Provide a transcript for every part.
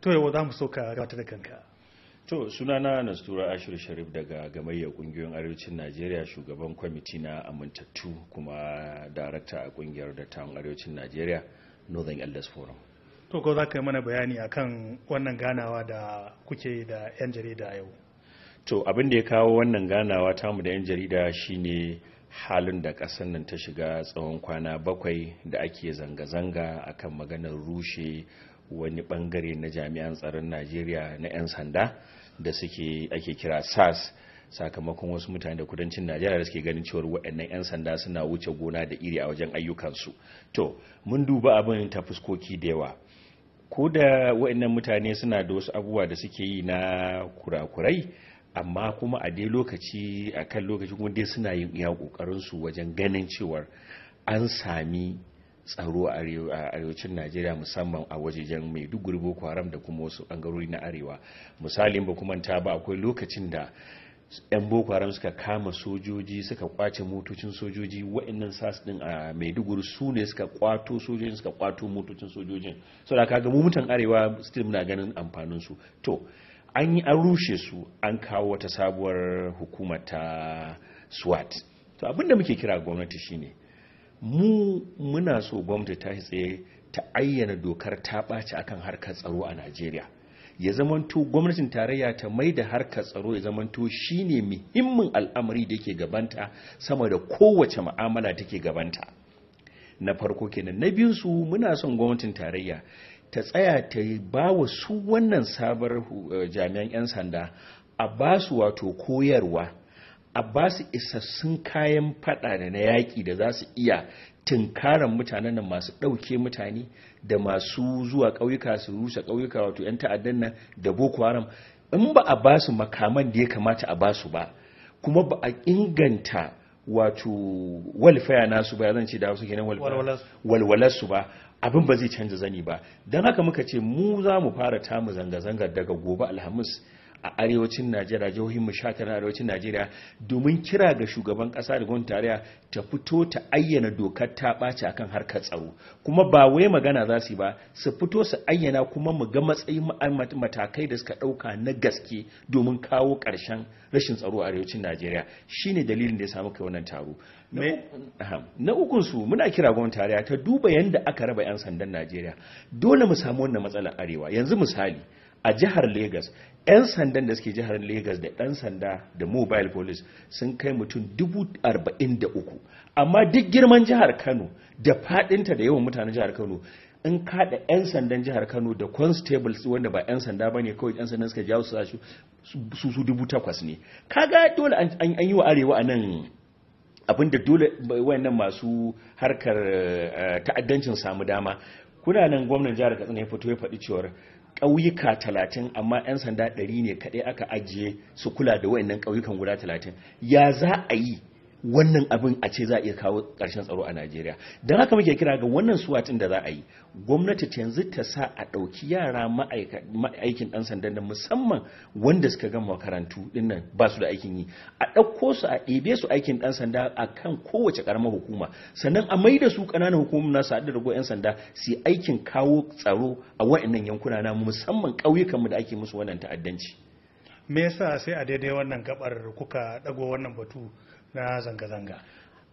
To yau za mu so ka gabata da kanka. To sunana Nastura Ashir Sharif daga gamayyar ƙungiyoyin arewacin Najeriya shugaban kwamiti na amintattu kuma darakta a kungiyar dattawan arewacin Najeriya Northern Elders Forum. To ko za ka yi mana bayani akan wannan ganawa da kuke da 'yan jarida yau? To abin da ya kawo wannan ganawa tamu da 'yan jarida shine halin da ƙasar nan ta shiga tsawon kwana bakwai da ake zanga-zanga a kan maganar rushe wani bangare na jami'an tsaron najeriya na 'yan sanda da suke ake kira Sars, sakamakon wasu mutane da kudancin najeriya da suke ganin cewar waɗannan 'yan sanda suna wuce gona da iri a wajen ayyukansu to mun duba abin ta fuskoki da yawa ko da waɗannan mutane suna da wasu abubuwa da suke yi na kurakurai amma kuma a dai lokaci a kan lokaci kuma dai suna yin iya kokarin su wajen ganin cewar an sami tsaro a arewacin najeriya musamman a wajejen maiduguri boko haram da kuma wasu bangarori na arewa misalin ba kuma ta ba akwai lokacin da 'yan boko haram suka kama sojoji suka kwace motocin sojoji wa'annan sas din a maiduguri su ne suka kwato sojojin suka kwato motocin sojojin so da kaga mu mutan arewa still muna ganin amfanin su to an yi an rushe su an kawo wata sabuwar hukumar ta swat to abinda muke kira gwamnati shine mu muna so gwamnati ta tsaye ta ayyana dokar ta ɓaci akan harkar tsaro a najeriya ya zamanto gwamnatin tarayya ta mai da harkar tsaro ya zamanto shine muhimmin al'amari da ke gabanta sama da kowace ma'amala take gabanta na farko kenan na biyu su muna son gwamnatin tarayya ta tsaya ta yi ba wa su wannan sabar eh, jami'an 'yan sanda a ba su wato koyarwa a ba su isassun kayan fada da na yaƙi da za su iya tunkaran mutanen nan masu ɗauke mutane da masu zuwa ƙauyuka su rusa ƙauyuka wato 'yan ta'addan nan da boko haram in ba a ba su makaman da ya kamata a ba su ba kuma ba a inganta wato walfaya nasu ba zan ce da wasu kenan walwalarsu ba abin ba zai canza zani ba don haka muka ce mu za mu fara tamu zanga zanga daga gobe alhamis a arewacin najeriya jihohin mu sha tara arewacin najeriya domin kira ga shugaban kasa da gwamnati tarayya ta fito ta ayyana dokar ta ɓaci akan harkar tsaro kuma ba wai magana za su yi ba su fito su ayyana kuma mu ga matsayin matakai da suka ɗauka na gaske domin kawo ƙarshen rashin tsaro a arewacin najeriya shine dalilin da ya samu kai wannan taro na ukun su muna kira gwamnati tarayya ta duba yanda aka raba 'yan sandan najeriya dole mu samu wannan matsalar arewa yanzu misali a jihar Legas 'yan sandan da suke jihar Legas da 'yan sanda da mobile police sun kai mutum dubu da uku amma duk girman jihar Kano da faɗinta da yawan mutanen jihar Kano in kaɗa 'yan sandan jihar Kano da constables wanda ba 'yan sanda ba ne kawai 'yan sandan suka jawo su su su dubu takwas ne kaga dole an yi wa arewa a nan abinda dole wayannan masu harkar eh, ta'addancin samu dama kuna nan gwamnan jihar Katsina ya fito ya faɗi cewar ƙauyuka talatin amma 'yan sanda ɗari ne kaɗai aka ajiye su kula da wayannan ƙauyukan guda talatin ya za a yi wannan abin a ce za a iya kawo ƙarshen tsaro a Najeriya don haka muke kira ga wannan suwatin da za a yi gwamnati ta yanzu ta sa a ɗauki yara ma'aikin ɗan sandan da musamman wanda suka gama makarantu dinnan ba su da aikin yi a ɗauko su a ɗebe su aikin ɗan sanda a kan kowace ƙaramar hukuma sannan a mai da su ƙananan hukumomin nasu haɗu da yan sanda su aikin kawo tsaro a wa'annan yankuna na musamman ƙauyukanmu da ake musu wannan ta'addanci. me yasa sai a daidai wannan gabar kuka dago wannan batu na zanga-zanga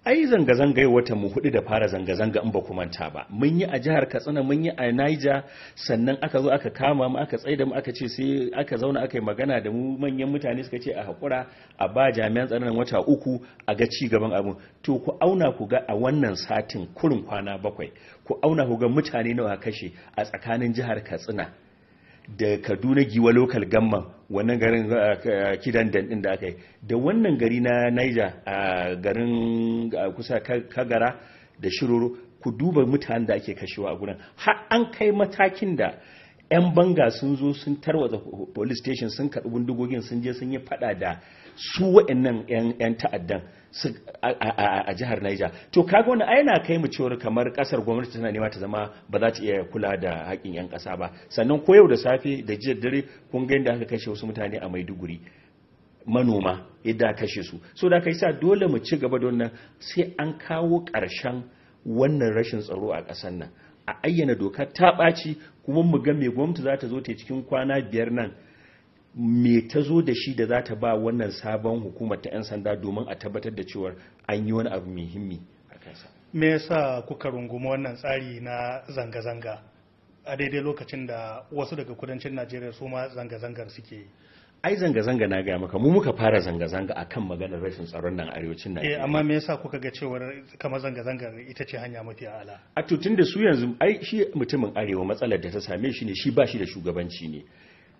ai zanga-zanga yau wata mu hudu da fara zanga-zanga in ba ku manta ba mun yi a jihar katsina mun yi a niger sannan aka zo aka kama mu aka tsaida mu aka ce sai aka zauna aka yi magana da mu manyan mutane suka ce a hakura a ba jami'an tsaron wata uku a ga ci gaban abu to ku auna ku ga a wannan satin kurin kwana bakwai ku auna ku ga mutane nawa kashe a tsakanin jihar katsina da kaduna giwa lokal gamman wannan garin uh, uh, kidan dandin da aka yi da wannan gari na niger a garin kusa kagara da shiroro ku duba mutanen da ake kashewa a gurin har an kai matakin da 'yan banga sun zo sun tarwatsa police station sun karbi bindigogin sun je sun yi fada da su nan 'yan ta'addan a jihar Niger to kaga wannan ai na kai mu cewar kamar kasar gwamnati tana nema ta zama ba za ta iya kula da haƙƙin yan ƙasa ba sannan ko yau da safe da jiya dare kun ga yadda aka kashe wasu mutane a Maiduguri manoma yadda kashe su so da kai sa dole mu ci gaba da wannan sai an kawo ƙarshen wannan rashin tsaro a ƙasar nan a ayyana doka ta ɓaci kuma mu ga me gwamnati za ta zo ta cikin kwana biyar nan me ta zo da shi da za ta ba wannan sabon hukumar ta 'yan sanda domin a tabbatar da cewar an yi wani abu muhimmi a kansa me yasa kuka rungumi wannan tsari na zanga-zanga a daidai lokacin da wasu daga kudancin najeriya su ma zanga-zangar suke yi ai zanga-zanga na gaya maka mu muka fara zanga-zanga a kan maganar rashin tsaron nan arewacin eh, Najeriya. Eh amma me yasa kuka ga cewar kamar zanga-zangar ita ce hanya mafi ala? A tutun da su yanzu ai shi mutumin arewa matsalar da ta same shi ne shi ba shi da shugabanci ne.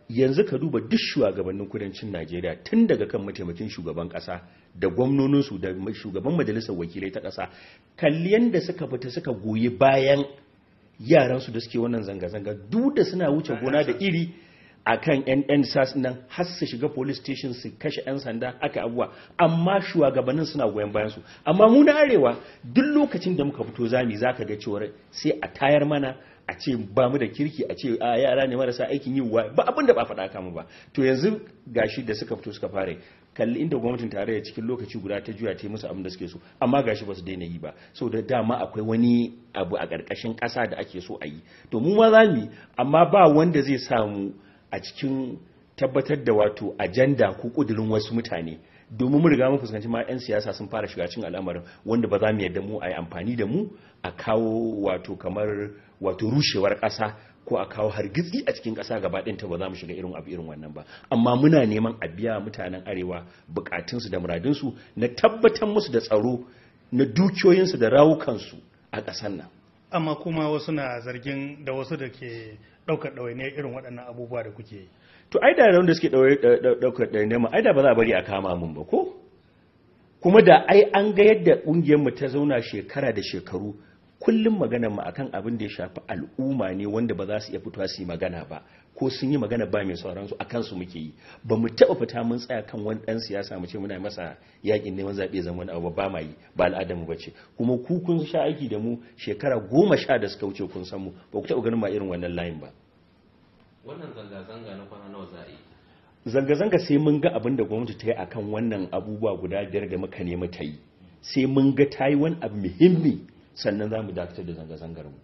yanzu ka duba duk shugabannin kudancin najeriya tun daga kan mataimakin shugaban kasa da gwamnoninsu da shugaban majalisar wakilai ta kasa kalliyan da suka fita suka goyi bayan yaransu da suke wannan zanga-zanga duk da suna wuce gona da iri a kan 'yan sas nan har su shiga police station su kashe 'yan sanda aka abuwa amma shugabannin suna goyon bayan su amma mu na arewa duk lokacin da muka fito zami zaka ga cewa sai a tayar mana a ce ba mu da kirki a ce a yara ne marasa aikin yi wa ba abin da ba faɗa kama ba to yanzu gashi da suka fito suka fara kalli inda gwamnatin tarayya cikin lokaci guda ta juya ta yi musu abin da suke so amma gashi ba su daina yi ba so da dama akwai wani abu a ƙarƙashin ƙasa da ake so a yi to mu ma za mu amma ba wanda zai samu a cikin tabbatar da wato ajanda ko ƙudurin wasu mutane domin mu riga mun fuskanci ma 'yan siyasa sun fara shiga cikin al'amarin wanda ba za mu yadda mu a yi amfani da mu a kawo wato kamar wato rushewar ƙasa ko a kawo hargitsi a cikin ƙasa gaba ta ba za mu shiga irin abu irin wannan ba amma muna neman a biya mutanen arewa bukatunsu da muradunsu na tabbatar musu da tsaro na dukiyoyinsu da rawukansu a ƙasar nan amma kuma wasu na zargin da wasu da ke ɗaukar ɗawainiyar irin waɗannan abubuwa da kuke yi to ai da da suke daukar ɗarin ma ai da ba za a bari a kama mun ba ko kuma da ai an ga yadda ƙungiyar mu ta zauna shekara da shekaru kullum maganar mu akan abin da ya shafi al'umma ne wanda ba za su iya fitowa su yi magana ba ko sun yi magana ba mai sauran su akan su muke yi ba mu taɓa fita mun tsaya kan wani ɗan siyasa mu ce muna masa yakin neman zaɓe zama wani abu ba ma yi ba al'adamu ba bace kuma ku kun sha aiki da mu shekara goma sha da suka wuce kun san mu ba ku taɓa ganin ma irin wannan layin ba wannan zanga-zanga na kwana nawa za a yi zanga-zanga sai mun ga abin da gwamnati ta yi akan wannan abubuwa guda biyar da muka nema ta yi sai mun ga ta yi wani abu muhimmi sannan za mu dakatar da zanga-zangar mu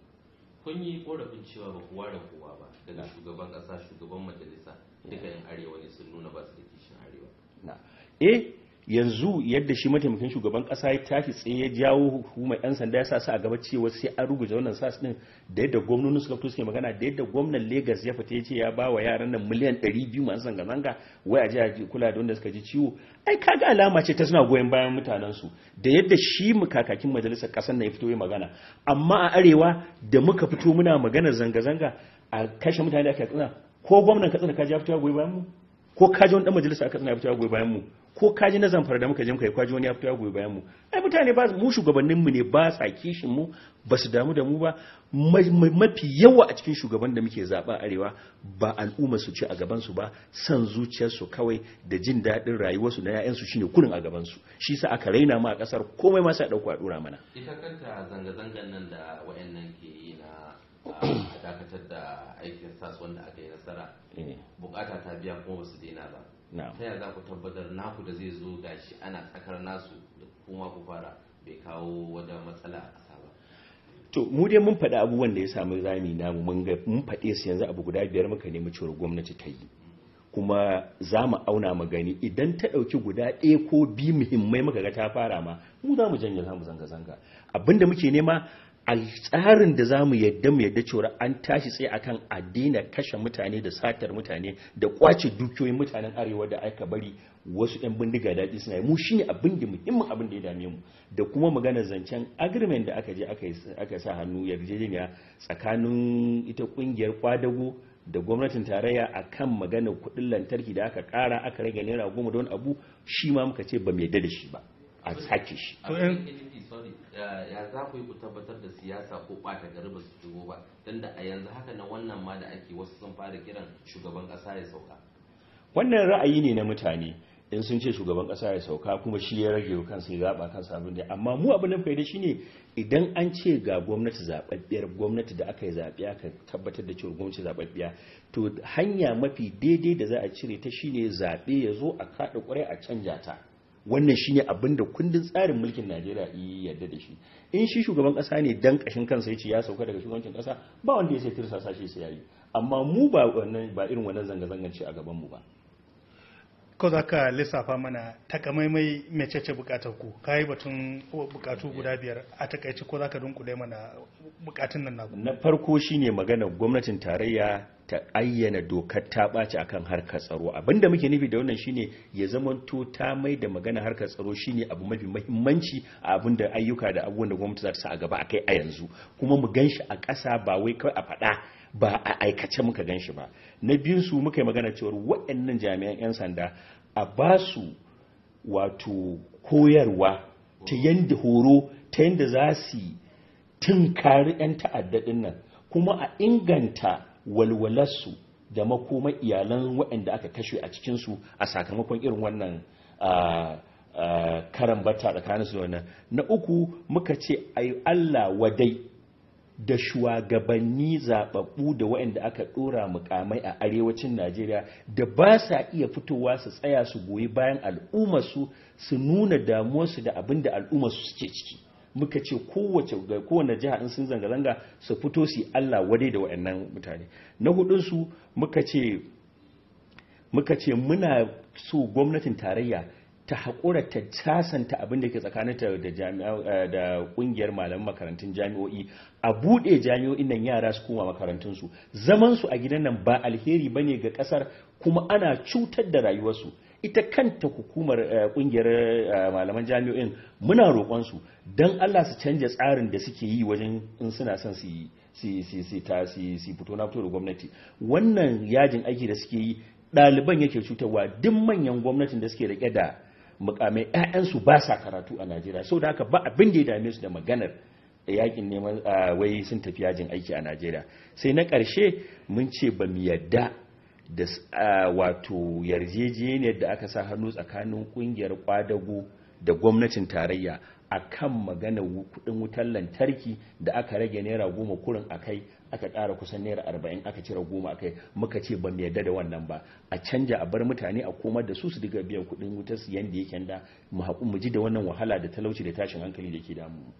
kun yi korafin cewa ba kowa da kowa ba daga shugaban kasa shugaban majalisa duka yan arewa ne sun nuna ba su da kishin arewa Na. eh yanzu yadda shi mataimakin shugaban kasa ya tashi tsaye ya jawo hukumar yan sanda ya sa su a gaba cewa sai an rubuta wannan sas din da yadda gwamnoni suka fito suke magana da yadda gwamnan Lagos ya fita ya ce ya ba wa yaran nan miliyan 200 masu zanga zanga wai a jiya kula da wanda suka ji ciwo ai kaga alama ce ta suna goyon bayan mutanen su da yadda shi kakakin majalisar kasar na ya fito ya magana amma a arewa da muka fito muna magana zanga zanga a kashe mutane da aka katsina ko gwamnan katsina ka ji ya fito ya goyi bayan mu ko kaji wani dan majalisa aka tsina ya fito ya goyi bayan mu ko kaji na zamfara da muka je muka yi kwaji wani ya fito ya goyi bayan mu ai mutane ba mu shugabannin mu ne ba sa kishin mu ba su damu da mu ba mafi yawa a cikin shugaban da muke zaba arewa ba al'umma su ci a gaban su ba san zuciyar su kawai da jin daɗin rayuwar su na ƴaƴan su shine kurin a gaban su shi sa aka raina mu a kasar komai ma sai dauko a dora mana ita kanta zanga zangan nan da wayannan ke yi na dakatar da aikin sas wanda aka yi nasara eh. bukata ta biya kuma ba su daina ba ta yaya za ku tabbatar naku da zai zo gashi ana tsakar nasu da kuma ku fara bai kawo wata matsala a ƙasa ba to mu dai mun faɗi abubuwan da ya sami zami na mun ga mun faɗe su yanzu abu guda biyar muka nemi cewar gwamnati ta yi kuma za mu auna magani idan ta ɗauki guda ɗaya ko biyu muhimmai muka ga ta fara ma mu za mu janye za zanga-zanga abinda muke nema a tsarin da za mu yadda mu yadda cewa an tashi tsaye akan addina kashe mutane da satar mutane da kwace dukiyoyin mutanen arewa da aka bari wasu 'yan bindiga daɗi suna yi mu shine abin da muhimmin abin da ya dame mu da kuma magana zancen agreement da aka je aka sa hannu yarjejeniya tsakanin ita ƙungiyar kwadago da gwamnatin tarayya a kan maganar kuɗin lantarki da aka ƙara aka rage naira goma don abu shi ma muka ce ba mu yadda da shi ba a sake shi to ya za ku yi ku tabbatar da siyasa ko bata gari ba su shigo ba don da a yanzu haka na wannan ma da ake wasu sun fara kiran shugaban ƙasa ya sauka wannan ra'ayi ne na mutane in sun ce shugaban kasa ya sauka kuma shi ya rage wa kansa ya zaɓa kansa abin da amma mu abin da faida shine idan an ce ga gwamnati zaɓaɓɓiyar gwamnati da aka yi zabe aka tabbatar da cewa gwamnati zababbiya to hanya mafi daidai da za a cire ta shine zaɓe ya zo a kaɗa ƙwarai a canja ta wannan shi ne abinda kundin tsarin mulkin Najeriya ya yadda da shi in shi shugaban kasa ne dan kashin kansa ya ce ya sauka daga shugabancin kasa ba wanda ya sai tirsa sashi sai yayi amma mu ba irin wannan zanga zangan a gabanmu ba ko za ka lissafa mana takamaimai mecece bukatar ku ka yi batun bukatu guda biyar a takaici ko za ka dunkule mana bukatun nan naku na farko shine magana gwamnatin tarayya ta ayyana dokar ta ɓaci akan harkar tsaro abinda muke nufi da wannan shine ya zamanto ta mai da magana harkar tsaro shine abu mafi mahimmanci a abin da ayyuka da abubuwan da gwamnati za ta sa a gaba akai a yanzu kuma mu gan shi a ƙasa ba wai kawai a faɗa ba a aikace muka gan shi ba na biyun su muka yi magana cewar waɗannan jami'an 'yan sanda a ba su wato koyarwa ta yadda horo ta yadda za su tunkari 'yan ta'addaɗin nan kuma a inganta walwalarsu da makoma iyalan waɗanda aka kashe a cikinsu a sakamakon irin wannan karambata tsakaninsu da wannan na uku muka ce ai Allah wadai da shugabanni zababbu da waɗanda aka ɗora mukamai a arewacin najeriya da ba sa iya fitowa su tsaya su goyi bayan al'ummarsu su nuna damuwarsu da abinda da al'ummarsu suke ciki muka ce kowace kowane jiha in sun zanga-zanga su fito su allah wadai da waɗannan mutane na hudunsu muka ce muka ce muna so gwamnatin tarayya ta haƙura ta casanta abin da ke tsakaninta da eh, da ƙungiyar malaman makarantun jami'o'i a buɗe jami'o'in nan yara su koma makarantunsu zamansu a gidan nan ba alheri ba ne ga ƙasar kuma ana cutar da rayuwarsu ita kanta hukumar eh, ƙungiyar eh, malaman jami'o'in muna roƙonsu don allah su canja tsarin da suke yi wajen in suna son su yi fito na fito da gwamnati wannan yajin aiki da suke yi ɗaliban yake cutarwa duk manyan gwamnatin da suke rike da mukamai ya'yansu ba sa karatu a Najeriya sau da haka ba abin da ya dame su da maganar yakin neman wai sun tafi yajin aiki a Najeriya sai na ƙarshe mun ce ba mu yadda da wato yarjejeniyar da aka sa hannu tsakanin ƙungiyar kwadago da gwamnatin tarayya a kan magana kudin wutar lantarki da aka rage naira goma kurin a kai aka ƙara kusan naira arba'in aka cire goma a kai muka ce ba mu yarda da wannan ba a canja a bar mutane a komar da su su diga biyan kudin wutar su yanda yake da mu haƙu mu ji da wannan wahala da talauci da tashin hankali da ke damu